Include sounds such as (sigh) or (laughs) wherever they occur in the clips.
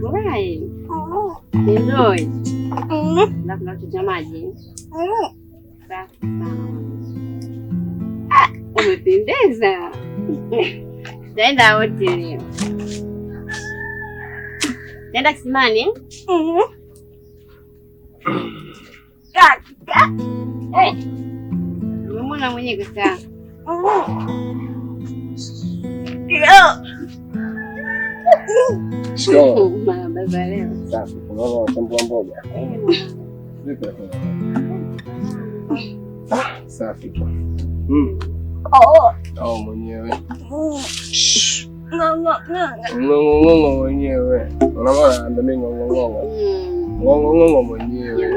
Furahi, enjoy. Alafu nachuja maji. umependeza. Taenda wote leo, taenda kisimani. Umemwona mwenyewe kaka Unachambua mboga safi tu mwenyewe ng'ong'ong'o mwenyewe unaona, ndio mimi ng'ong'ong'o mwenyewe.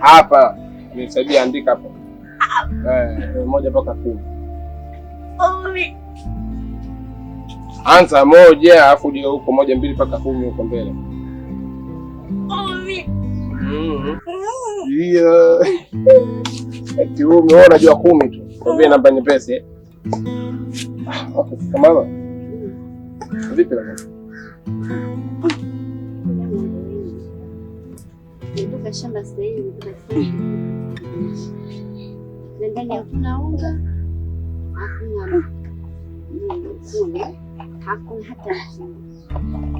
hapa nisaidie andika hapo eh, moja mpaka kumi. Kumi. Anza moja afu dio huko moja mbili mpaka kumi huko mbele. Kumi. Mm-hmm. Eti wewe umeona unajua kumi tu. Kwa vile namba nyepesi eh. ah, kama Mama. Vipi lakini? za shamba sasa hivi ndani hakuna unga, hakuna kule, hakuna hata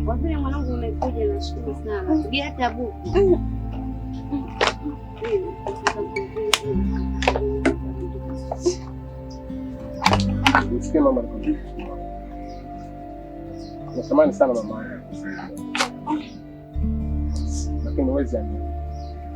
kwa vile mwanangu umekuja, nashukuru sana tugia hata buku Msikie mama, natamani sana mama, lakini huwezi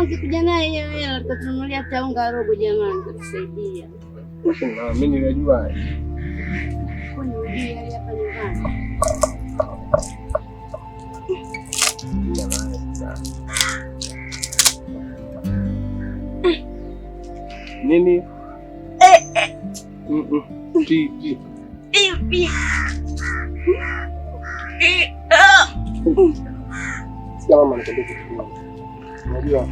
Angekuja naye alitunulia taunga robo, jamani, angetusaidia. Mimi ninajua nini kila mama anatembea kitu kimoja. Unajua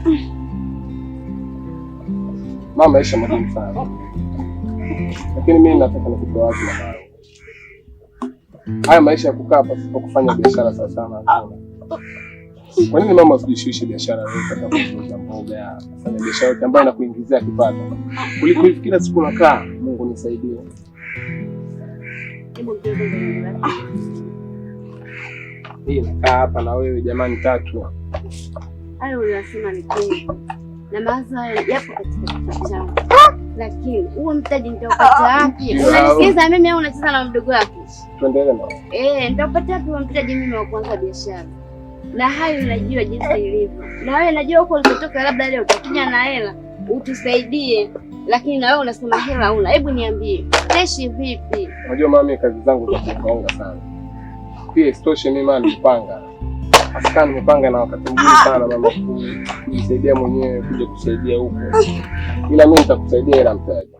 mama Aisha madini sana, lakini mimi nataka nikutoa wazi na mama. Haya maisha ya kukaa pasipo kufanya biashara sana sana. Kwa nini mama usijishughulishe biashara wewe kama kuuza mboga, kufanya biashara yote ambayo inakuingizia kipato? Kuliko hivi kila siku nakaa, Mungu nisaidie hii nakaa hapa na wewe jamani, tatu hayo unasema ni kweli, na mawazo hayo yapo katika kitabu changu, lakini huo mtaji nitaupata wapi? Ah. Unanisikiza mimi au unacheza na mdogo wako? Tuendelee na eh, nitaupata wapi huo mtaji mimi wa kuanza biashara? Na hayo unajua jinsi ilivyo, na wewe najua huko ulikotoka, labda leo utakuja na hela utusaidie lakini na wewe unasema hela huna. Hebu niambie, keshi vipi? Unajua mami, kazi zangu za kuonga sana pia isitoshe mimi mama nilipanga hasa nimepanga na wakati mzuri ah! sana mama kunisaidia mwenyewe kuja kusaidia huko, ila mimi nitakusaidia ila mtaji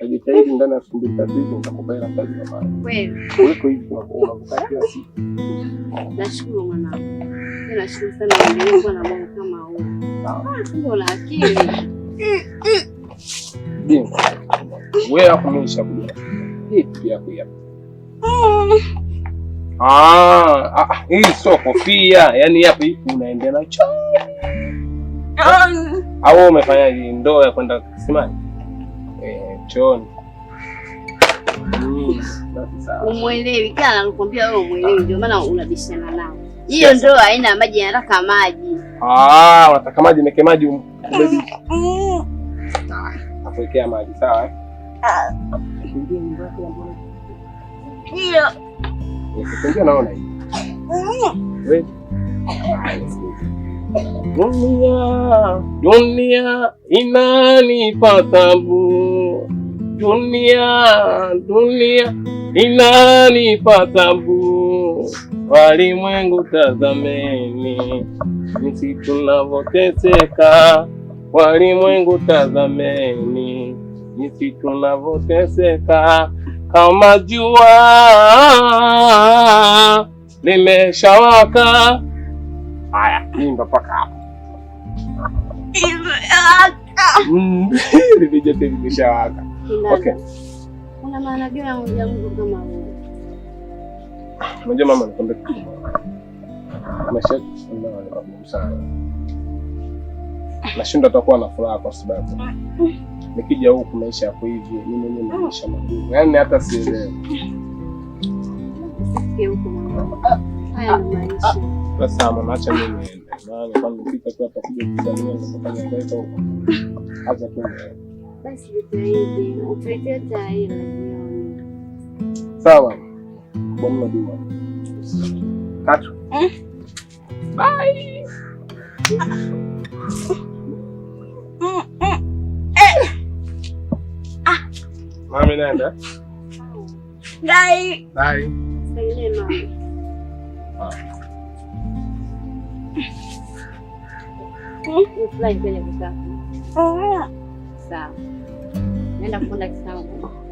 najitahidi ndani ya elfu mbili tatizo nitakupa ila mtaji mama. Wewe uko hivi unakuta kila siku. Nashukuru mwanangu, nashukuru sana nilikuwa na Mungu kama wewe, ndio ah, la akili wewe hapo mimi kuja hii pia kuya ah. Ah, ah, hii sio kofia, yaani hapa hivi unaendea na cha. Ah. Au umefanya ndoa ya kwenda kisimani? Eh, chooni. Mm, Umuelewi wewe ndio maana unabishana nao. Hiyo ndoa haina maji, anataka maji. Ah, unataka maji neke maji um, mm, mm. Nakuwekea maji sawa Ah. Ndio. Dunia, dunia inanipa tabu, dunia, dunia inanipa tabu. Walimwengu tazameni, jinsi tunavyoteseka. Walimwengu tazameni, jinsi tunavyoteseka kama jua limeshawaka. Haya, imba mpaka hapo. Limejete limeshawaka. Okay. Una maana gani ya mgongo kama huo? Unajua mama anakwambia kitu. Amesha sana. Nashindwa atakuwa na furaha kwa sababu nikija huku maisha yako hivi, mimi mwenyewe na oh. maisha magumu, yaani hata sielewi. Ah, ah. Sasa mama, acha mimi niende, maana kwanza nifika tu hapa kuja kuzaliwa na kufanya kazi huko. Acha tu basi, jitahidi upate taarifa. Sawa, kwa mna dua katu. Eh? Bye. (laughs) Mami, nenda. Dai. Dai. Sawa. Nenda kufunda kisangu.